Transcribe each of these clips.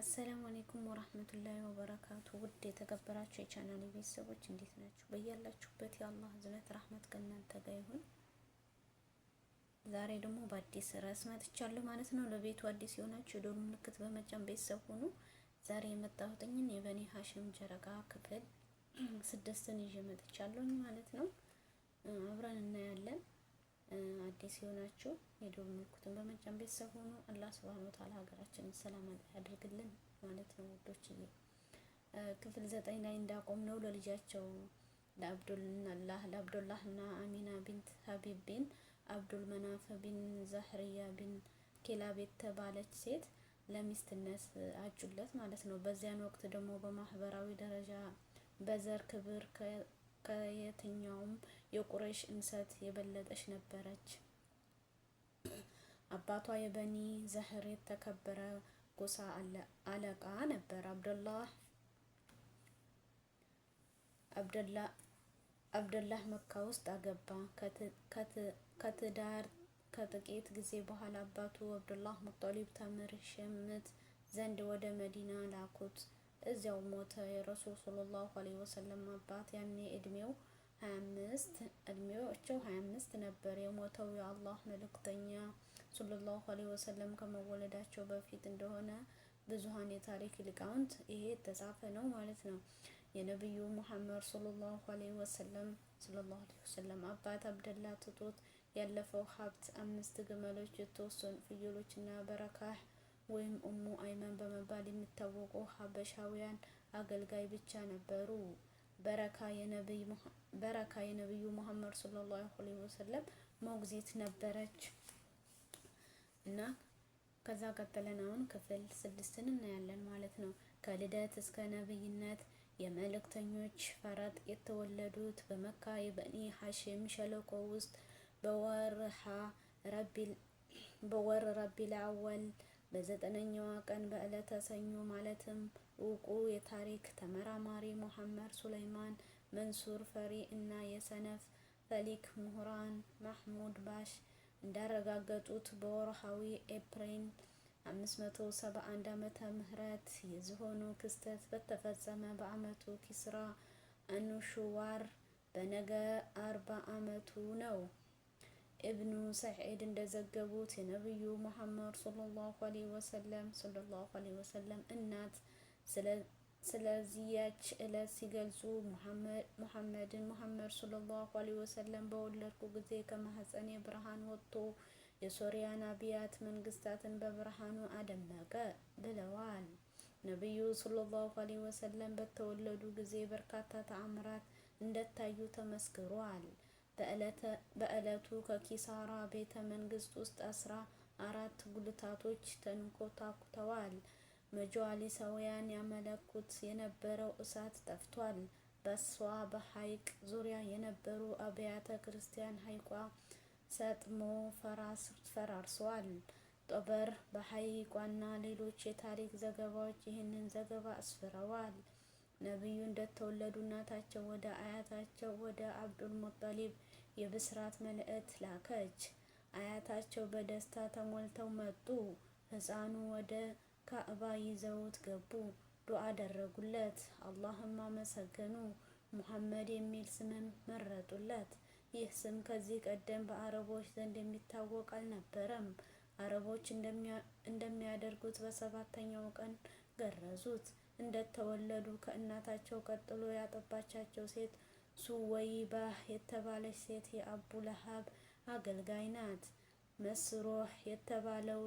አሰላሙ አሌይኩም ወራህመቱላሂ ወበረካቱ። ውድ የተከበራችሁ የቻናል ቤተሰቦች እንዴት ናችሁ? በያላችሁበት የአላህ እዝነት ራህመት ከእናንተ ጋር ይሁን። ዛሬ ደግሞ በአዲስ ርዕስ መጥቻለሁ ማለት ነው። ለቤቱ አዲስ የሆናችሁ የዶሮ ምልክት በመጫን ቤተሰብ ሁኑ። ዛሬ የመጣሁትኝን የበኒ ሀሽም ጀረጋ ክፍል ስድስትን ይዤ መጥቻለሁኝ ማለት ነው። አዲስ የሆናችሁ የደወል ምልክቱን በመጫን ቤተሰብ ሆኑ። አላህ ሱብሃነሁ ወተዓላ ሀገራችንን ሰላም ያድርግልን ማለት ነው ውዶች። ክፍል ዘጠኝ ላይ እንዳቆም ነው ለልጃቸው ለአብዱላህ እና አሚና ቢንት ሀቢብ ቢን አብዱል መናፍ ቢን ዛህርያ ቢን ኪላብ የተባለች ሴት ለሚስትነት አጩለት ማለት ነው። በዚያን ወቅት ደግሞ በማህበራዊ ደረጃ በዘር ክብር ከየትኛውም የቁረሽ እንሰት የበለጠች ነበረች። አባቷ የበኒ ዘህር የተከበረ ጎሳ አለቃ ነበር። አብደላህ አብደላህ መካ ውስጥ አገባ። ከትዳር ከጥቂት ጊዜ በኋላ አባቱ አብደላህ ሙጠሊብ ተምር ሸምት ዘንድ ወደ መዲና ላኩት። እዚያው ሞተ። የረሱል ሰለላሁ ዐለይሂ ወሰለም አባት ያኔ እድሜው 25 እድሜዎቸው 25 ነበር። የሞተው የአላህ መልእክተኛ ሰለላሁ ዐለይሂ ወሰለም ከመወለዳቸው በፊት እንደሆነ ብዙሃን የታሪክ ሊቃውንት ይሄ የተጻፈ ነው ማለት ነው። የነቢዩ ሙሐመድ ሰለላሁ ዐለይሂ ወሰለም ሰለላሁ ዐለይሂ ወሰለም አባት አብደላ ትቶት ያለፈው ሀብት አምስት ግመሎች፣ የተወሰኑ ፍየሎችና በረካህ ወይም ኡሙ አይመን በመባል የሚታወቁ ሀበሻውያን አገልጋይ ብቻ ነበሩ። በረካ የነብዩ ሙሐመድ ሰለላሁ ዐለይሂ ወሰለም ሞግዚት ነበረች እና ከዛ ቀጥለን አሁን ክፍል ስድስትን እናያለን ማለት ነው። ከልደት እስከ ነብይነት የመልእክተኞች ፈረጥ የተወለዱት በመካ የበኒ ሐሽም ሸለቆ ውስጥ በወርሃ ረቢል አወል በዘጠነኛዋ ቀን በዕለተ ሰኞ ማለትም እውቁ የታሪክ ተመራማሪ ሙሐመድ ሱለይማን መንሱር ፈሪ እና የሰነፍ ፈሊክ ምሁራን ማህሙድ ባሽ እንዳረጋገጡት በወርሃዊ ኤፕሪል 571 ዓመተ ምህረት የዝሆኑ ክስተት በተፈጸመ በአመቱ ኪስራ አኑሹዋር በነገ አርባ ዓመቱ ነው። እብኑ ሰዒድ እንደዘገቡት የነቢዩ ሙሐመድ ሰለላሁ ዐለይሂ ወሰለም ሰለላሁ ዐለይሂ ወሰለም እናት ስለዚያች እለት ሲገልጹ ሙሐመድን ሙሐመድ ሰለላሁ ዐለይሂ ወሰለም በወለድኩ ጊዜ ከማህፀኔ ብርሃን ወጥቶ የሶሪያን አብያት መንግስታትን በብርሃኑ አደመቀ ብለዋል። ነቢዩ ሰለላሁ ዐለይሂ ወሰለም በተወለዱ ጊዜ በርካታ ተአምራት እንደታዩ ተመስክሯል። በዕለቱ ከኪሳራ ቤተ መንግስት ውስጥ አስራ አራት ጉልታቶች ተንኮታኩተዋል። መጆሊሳውያን ያመለኩት የነበረው እሳት ጠፍቷል። በሷ በሐይቅ ዙሪያ የነበሩ አብያተ ክርስቲያን ሐይቋ ሰጥሞ ፈራርሰዋል። ጦበር በሐይቋና ሌሎች የታሪክ ዘገባዎች ይህንን ዘገባ አስፍረዋል። ነቢዩ እንደተወለዱ እናታቸው ወደ አያታቸው ወደ አብዱል ሙጠሊብ የብስራት መልእክት ላከች። አያታቸው በደስታ ተሞልተው መጡ። ሕፃኑ ወደ ካዕባ ይዘውት ገቡ። ዱዓ አደረጉለት፣ አላህም አመሰገኑ። ሙሐመድ የሚል ስምም መረጡለት። ይህ ስም ከዚህ ቀደም በአረቦች ዘንድ የሚታወቅ አልነበረም። አረቦች እንደሚያደርጉት በሰባተኛው ቀን ገረዙት። እንደተወለዱ ከእናታቸው ቀጥሎ ያጠባቻቸው ሴት ሱወይባ የተባለች ሴት የአቡ ለሀብ አገልጋይ ናት። መስሮህ የተባለው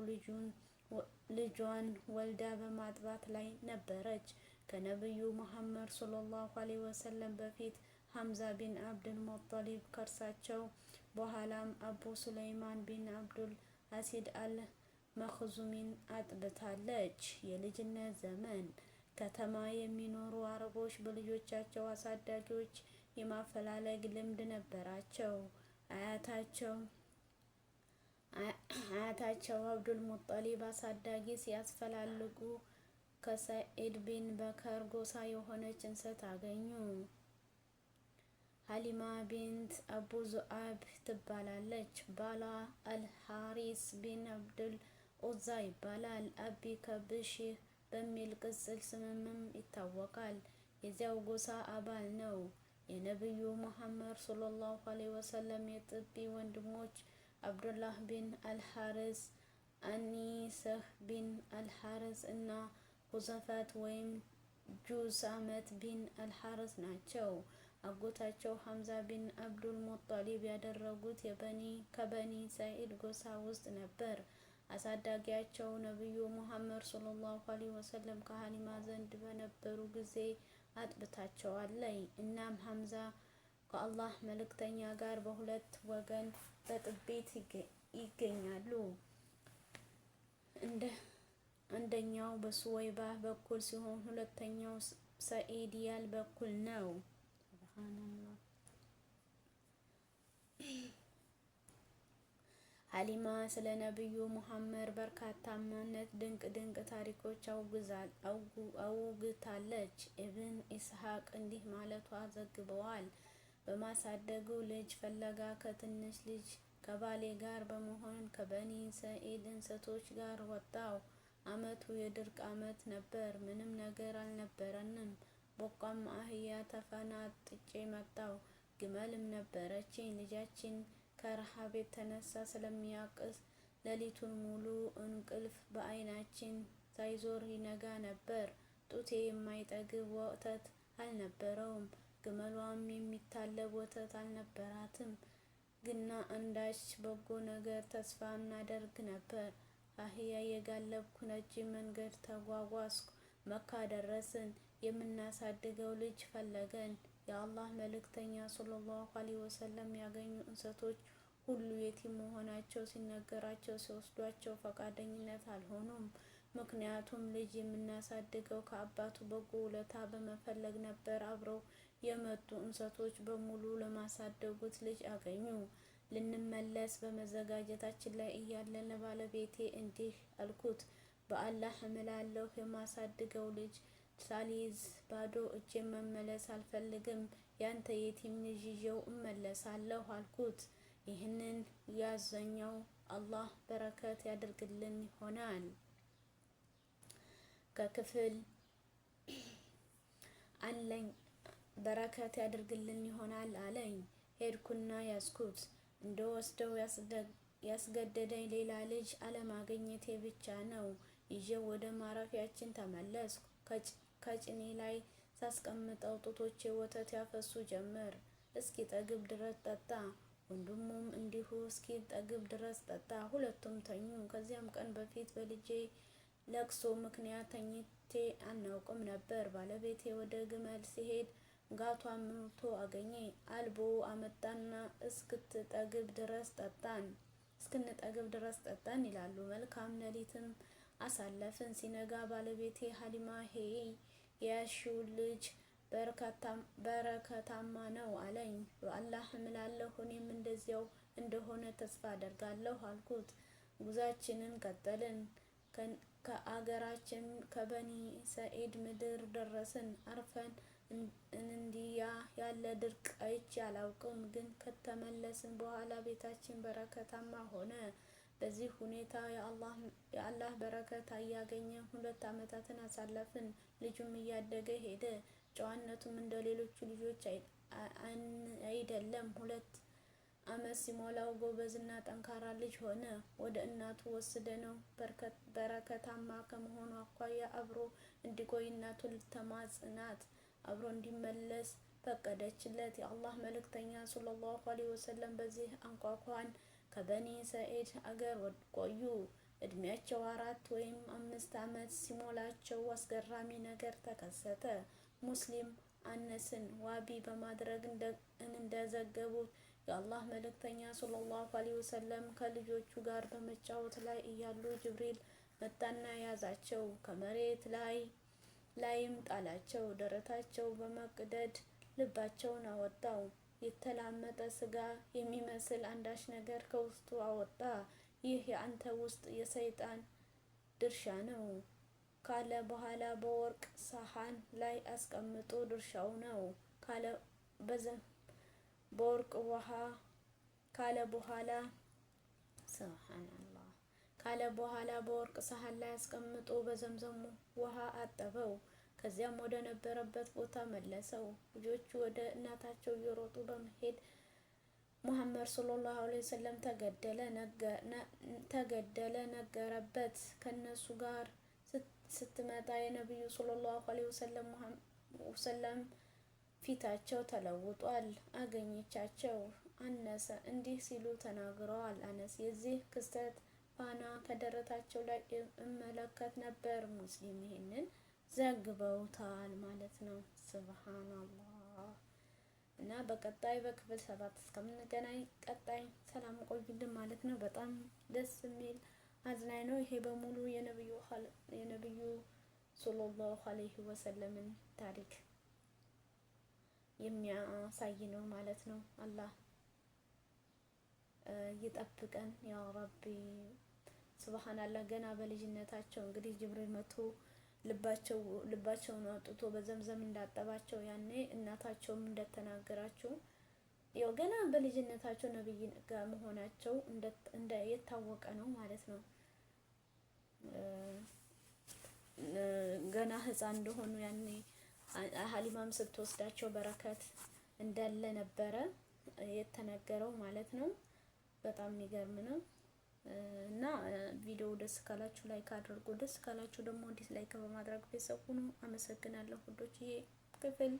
ልጇን ወልዳ በማጥባት ላይ ነበረች። ከነቢዩ መሐመድ ሰለላሁ ዓለይሂ ወሰለም በፊት ሐምዛ ቢን አብድል ሞጠሊብ ከርሳቸው በኋላም አቡ ሱለይማን ቢን አብዱል አሲድ አል መክዙሚን አጥብታለች። የልጅነት ዘመን ከተማ የሚኖሩ አረቦች በልጆቻቸው አሳዳጊዎች የማፈላለግ ልምድ ነበራቸው። አያታቸው አያታቸው አብዱል ሙጠሊብ አሳዳጊ ሲያስፈላልጉ ከሰኢድ ቢን በከር ጎሳ የሆነች እንሰት አገኙ። ሀሊማ ቢንት አቡ ዙአብ ትባላለች። ባላ አልሐሪስ ቢን አብዱል ኡዛ ይባላል። አቢ ከብሺህ በሚል ቅጽል ስምምም ይታወቃል። የዚያው ጎሳ አባል ነው። የነቢዩ ሙሐመድ ሰለላሁ አለይሂ ወሰለም የጥቢ ወንድሞች አብዱላህ ቢን አልሐርስ አኒሰህ ቢን አልሐርስ እና ሁዘፋት ወይም ጁሳመት ቢን አልሐርስ ናቸው። አጎታቸው ሐምዛ ቢን አብዱል ሙጣሊብ ያደረጉት የበኒ ከበኒ ሳኢድ ጎሳ ውስጥ ነበር። አሳዳጊያቸው ነቢዩ ሙሐመድ ሰለላሁ አለይሂ ወሰለም ከሀሊማ ዘንድ በነበሩ ጊዜ አጥብታቸዋል። እናም ሐምዛ ከአላህ መልእክተኛ ጋር በሁለት ወገን በጥቤት ይገኛሉ። አንደኛው በሱወይባ በኩል ሲሆን ሁለተኛው ያል በኩል ነው። ሀሊማ ስለ ነቢዩ ሙሐመድ በርካታ ማነት ድንቅ ድንቅ ታሪኮች አውግታለች። ኢብን ኢስሐቅ እንዲህ ማለቷ ዘግበዋል። በማሳደጉ ልጅ ፈለጋ ከትንሽ ልጅ ከባሌ ጋር በመሆን ከበኒ ሰኢድ እንሰቶች ጋር ወጣው። አመቱ የድርቅ አመት ነበር። ምንም ነገር አልነበረንም። ቦቋም አህያ ተፈናጥጬ መጣው። ግመልም ነበረችኝ ልጃችን ከረሃብ የተነሳ ስለሚያቅስ ሌሊቱን ሙሉ እንቅልፍ በአይናችን ሳይዞር ይነጋ ነበር። ጡቴ የማይጠግብ ወተት አልነበረውም። ግመሏም የሚታለብ ወተት አልነበራትም። ግና አንዳች በጎ ነገር ተስፋ እናደርግ ነበር። አህያ የጋለብኩ ነጭ መንገድ ተጓጓዝኩ። መካ ደረስን። የምናሳድገው ልጅ ፈለገን። የአላህ መልእክተኛ ሰለላሁ ዐለይሂ ወሰለም ያገኙ እንሰቶች ሁሉ የቲም መሆናቸው ሲነገራቸው ሲወስዷቸው ፈቃደኝነት አልሆኑም። ምክንያቱም ልጅ የምናሳድገው ከአባቱ በጎ ውለታ በመፈለግ ነበር። አብረው የመጡ እንሰቶች በሙሉ ለማሳደጉት ልጅ አገኙ። ልንመለስ በመዘጋጀታችን ላይ እያለን ለባለቤቴ እንዲህ አልኩት፣ በአላህ እምላለሁ የማሳድገው ልጅ ሳሊዝ ባዶ እጄ መመለስ አልፈልግም። ያንተ የቲም ልጅ ይዤው እመለሳለሁ አልኩት። ይህንን ያዘኘው አላህ በረከት ያደርግልን ይሆናል። ከክፍል አለኝ በረከት ያደርግልን ይሆናል አለኝ። ሄድኩና ያዝኩት። እንደወስደው ያስገደደኝ ሌላ ልጅ አለማገኘቴ ብቻ ነው። ይዤ ወደ ማረፊያችን ተመለስኩ። ከጭኔ ላይ ሳስቀምጠው ጡቶቼ ወተት ያፈሱ ጀመር። እስኪ ጠግብ ድረስ ጠጣ። ወንድሙም እንዲሁ እስኪ ጠግብ ድረስ ጠጣ። ሁለቱም ተኙ። ከዚያም ቀን በፊት በልጄ ለቅሶ ምክንያት ተኝቼ አናውቅም ነበር። ባለቤቴ ወደ ግመል ሲሄድ ጋቷ ምቶ አገኘ። አልቦ አመጣና እስክትጠግብ ድረስ ጠጣን እስክንጠግብ ድረስ ጠጣን ይላሉ። መልካም ሌሊትም አሳለፍን። ሲነጋ ባለቤቴ ሀሊማ ሄይ የያሽው ልጅ በረከታማ ነው አለኝ። አላህ እምላለሁ እኔም እንደዚያው እንደሆነ ተስፋ አደርጋለሁ አልኩት። ጉዛችንን ቀጠልን። ከአገራችን ከበኒ ሰዒድ ምድር ደረስን። አርፈን እንዲያ ያለ ድርቅ አይቼ አላውቅም፣ ግን ከተመለስን በኋላ ቤታችን በረከታማ ሆነ። በዚህ ሁኔታ የአላህ በረከታ እያገኘን ሁለት ዓመታትን አሳለፍን። ልጁም እያደገ ሄደ። ጨዋነቱም እንደ ሌሎቹ ልጆች አይደለም። ሁለት ዓመት ሲሞላው ጎበዝና ጠንካራ ልጅ ሆነ። ወደ እናቱ ወስደ ነው በረከታማ ከመሆኑ አኳያ አብሮ እንዲቆይ እናቱን ልተማጽናት አብሮ እንዲመለስ ፈቀደችለት። የአላህ መልእክተኛ ሰለላሁ ዐለይሂ ወሰለም በዚህ አንኳኳን ከበኒ ሰዒድ አገር ቆዩ። እድሜያቸው አራት ወይም አምስት ዓመት ሲሞላቸው አስገራሚ ነገር ተከሰተ። ሙስሊም አነስን ዋቢ በማድረግ እንደዘገቡት የአላህ መልእክተኛ ሰለላሁ ዐለይሂ ወሰለም ከልጆቹ ጋር በመጫወት ላይ እያሉ ጅብሪል መጣና ያዛቸው፣ ከመሬት ላይ ላይም ጣላቸው። ደረታቸው በመቅደድ ልባቸውን አወጣው። የተላመጠ ስጋ የሚመስል አንዳች ነገር ከውስጡ አወጣ። ይህ የአንተ ውስጥ የሰይጣን ድርሻ ነው። ካለ በኋላ በወርቅ ሰሃን ላይ አስቀምጦ ድርሻው ነው ካለ በወርቅ ውሃ ካለ በኋላ ሱብሃንአላህ ካለ በኋላ በወርቅ ሰሃን ላይ አስቀምጦ በዘምዘም ውሃ አጠበው። ከዚያም ወደ ነበረበት ቦታ መለሰው። ልጆቹ ወደ እናታቸው እየሮጡ በመሄድ ሙሐመድ ሰለላሁ ዐለይሂ ወሰለም ተገደለ ተገደለ ነገረበት ከነሱ ጋር ስትመጣ የነቢዩ ሰለላሁ ዐለይሂ ወሰለም ፊታቸው ተለውጧል። አገኘቻቸው አነሰ እንዲህ ሲሉ ተናግረዋል። አነስ የዚህ ክስተት ፋና ከደረታቸው ላይ እመለከት ነበር። ሙስሊም ይሄንን ዘግበውታል ማለት ነው። ስብሃናላህ። እና በቀጣይ በክፍል ሰባት እስከምንገናኝ ቀጣይ ሰላም ቆይልን ማለት ነው። በጣም ደስ የሚል አዝናኝ ነው። ይሄ በሙሉ የነቢዩ ሰለላሁ ዐለይሂ ወሰለምን ታሪክ የሚያሳይ ነው ማለት ነው። አላህ ይጠብቀን ያ ረቢ። ሱብሃንአላህ። ገና በልጅነታቸው እንግዲህ ጅብሪል መቶ ልባቸው ልባቸውን አውጥቶ በዘምዘም እንዳጠባቸው ያኔ እናታቸውም እንደተናገራቸው ያው ገና በልጅነታቸው ነብይ ጋር መሆናቸው እንደ የታወቀ ነው ማለት ነው። ገና ህፃን እንደሆኑ ያኔ ሀሊማም ስትወስዳቸው በረከት እንዳለ ነበረ የተነገረው ማለት ነው። በጣም የሚገርም ነው። እና ቪዲዮ ደስ ካላችሁ ላይክ አድርጉ። ደስ ካላችሁ ደግሞ ዲስላይክ በማድረግ ቤተሰብ ሁኑ። አመሰግናለሁ። ይሄ ክፍል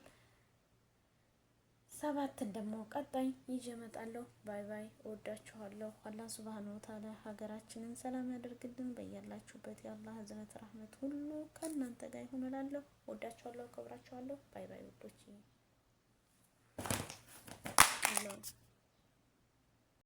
ሰባትን ደግሞ ቀጣይ ይዤ እመጣለሁ። ባይ ባይ። እወዳችኋለሁ። አላህ ሱብሃነ ወተዓላ ሀገራችንን ሰላም ያደርግልን። በያላችሁበት የአላህ ህዝነት ረህመት ሁሉ ከእናንተ ጋር ይሁን እላለሁ። እወዳችኋለሁ፣ አከብራችኋለሁ። ባይ ባይ ውዶች።